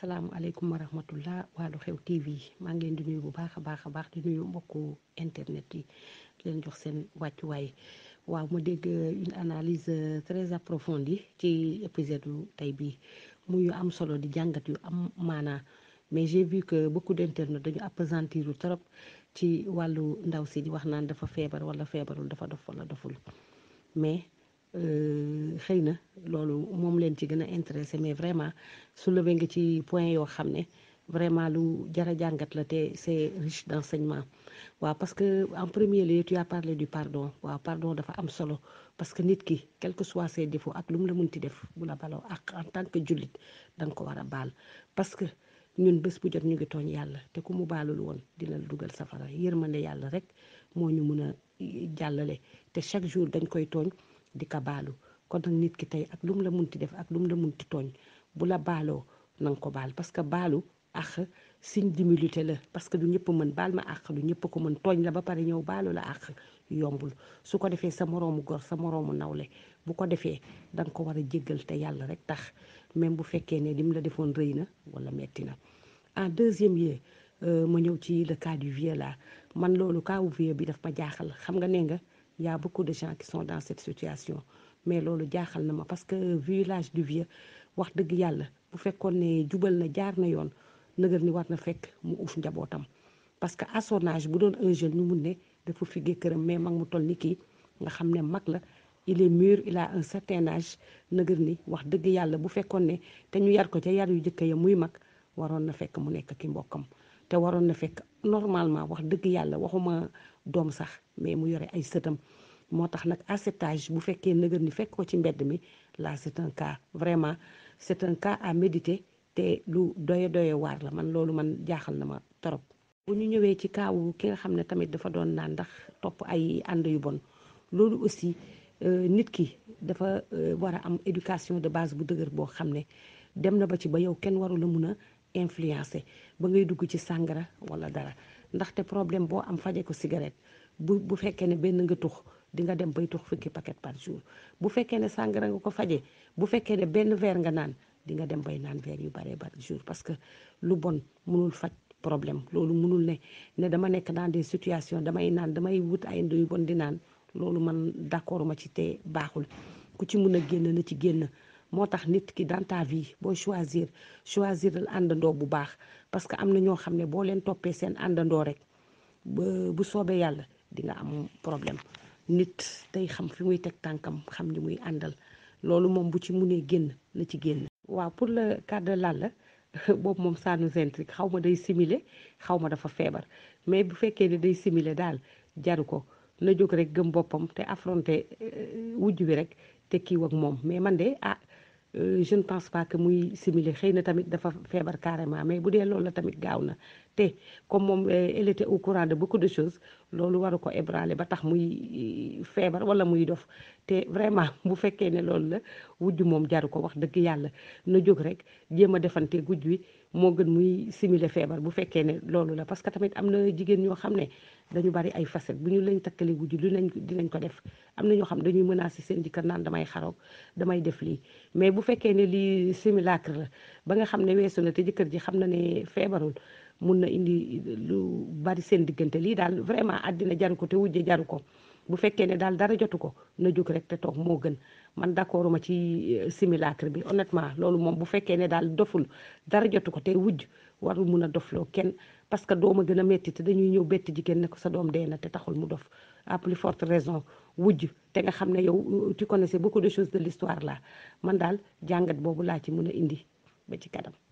salaamualeykum wa rahmatullah waa Lu Xew TV maa ngi leen di nuyu bu baax a baax a baax di nuyu mbokku internet yi leen jox seen wàccuwaay waaw ma dégg euh, une analyse euh, très approfondie ci épisode yu tey bii muy yu am solo di jàngat yu am maanaa mais j'ai vu que beaucoup d'internet dañu appesantir yu trop ci wàllu ndaw si di wax naan dafa feebar wala feebarul dafa dof wala doful mais. Euh, xëy na loolu moom leen ci gën a intéressé mais vraiment soulevé nga ci point yoo xam ne vraiment lu jar a jàngat la te c'est riche d'enseignement waa parce que en premier lieu tu as parlé du pardon waa pardon dafa am solo parce que nit ki quel que soit ses défauts ak lu mu la mun ti def bu la baloo ak en tant que jullit da ko war a baal parce que ñun bés bu jot ñu ngi tooñ yàlla te ku mu baalul woon dina la dugal safara yërmande yàlla rek moo ñu mun a jàllale te chaque jour dañ koy tooñ di ko baalu kon nag nit ki tey ak lu mu la munti def ak lum la munti tooñ bu la baaloo na nga ko baal parce que baalu àq signe d'humilité la parce que du ñëpp mën baal ma àq du ñëpp ko mën tooñ la ba pare ñëw baalu la àq yombul su ko defee sa moroomu gor sa moroomu nawle bu ko defee da nga ko war a jéggal te yàlla rek tax même bu fekkee ne lim la defoon rëy na wala metti na en deuxième lieu euh, ma ñëw ci le cas du vieux man loolu kaawu vier bi daf ma jaaxal xam nga nee nga y a beaucoup de gens qui sont dans cette situation mais loolu jaaxal na ma parce que vu l'âge du vieux wax dëgg yàlla bu fekkoon ne jubal na jaar na yoon nëgër ni war na fekk mu uf njabootam parce que assonage bu doon un jeune nu mun ne dafa figgee këram mais mag mu toll ni kii nga xam ne mag la il est mûr il a un certain âge nëgër ni wax dëgg yàlla bu fekkoon ne te ñu yar ko ca yar yu jëkk ya muy mag waroon na fekk mu nekk ki mbokkam te waroon na doom sax mais mu yore ay sëtam moo tax nag à bu fekkee nëgër ni fekk ko ci mbedd mi là c'est un cas vraiment c'est un cas à méditer te lu doye doye waar la man loolu man jaaxal na ma torop bu ñu ñëwee ci kaawu ki nga xam ne tamit dafa doon naan ndax topp ay ànd yu bon loolu aussi euh, nit ki dafa euh, war a am éducation de base bu dëgër boo xam ne dem na ba ci ba yow kenn warula mun a influencer ba ngay dugg ci sàngara wala dara ndaxte problème boo am faje ko cigarette bu bu fekkee ne benn nga tux di nga dem bay tux fukki paquet par jour bu fekkee ne sàngara nga ko faje bu fekkee ne benn verre nga naan dinga dem bay naan verre yu baree par jour parce que lu bon mënul faj problème loolu mënul ne ne dama nekk dans des situations damay naan damay wut ay ndoyu bon di naan loolu man d'accord ma ci te baaxul ku ci mun a génn na ci génn moo tax nit ki dans ta vie booy choisir choisir al àndandoo bu baax parce que am na ñoo xam ne boo leen toppee seen àndandoo rek bu soobee yàlla di nga am problème nit tey xam fi muy teg tànkam xam ni muy àndal loolu moom bu ci munee génn na ci génn. waaw pour le cas de Lalla boobu moom ça nous xaw ma day simuler xaw ma dafa feebar mais bu fekkee ne day simuler daal jaru ko na jóg rek gëm boppam te affronter euh, wujj bi rek te kiiw ak moom mais man de ah. Euh, je ne pense pas que muy simile xëy na tamit dafa feebar carrément mais bu dee loolu la tamit gaaw na te comme moom eh, elle était au courant de beaucoup de choses loolu waru ko ébranler ba tax muy eh, feebar wala muy dof te vraiment bu fekkee ne loolu la wujj moom jaru ko wax dëgg yàlla na jóg rek jéem a defante wujj wi moo gën muy simuler feebar bu fekkee ne loolu la parce que tamit am na jigéen ñoo xam ne dañu bari ay facette bu ñu lañ takkale gujj lu nañ dinañ ko def am na ñoo xam dañuy menacer seen jëkkër naan damay xaroog damay def lii mais bu fekkee ne lii simulacre la ba nga xam ne weesu na te jëkkër ji xam na ne feebarul mun na indi lu bari seen diggante lii daal vraiment àddina jaru ko te wujje jaru ko bu fekkee ne daal dara jotu ko na jóg rek te toog moo gën man d'accord ma ci euh, simulacre bi honnêtement loolu moom bu fekkee ne daal doful dara jotu ko te wujj warul mun a dofloo kenn parce que doom a gën a métti te dañuy ñëw bett jigéen ne ko sa doom dee na te taxul mu dof à plus forte raison wujj te nga xam ne yow euh, tu connaissais beaucoup de choses de l'histoire là man daal jàngat boobu laa ci mun a indi ci kanam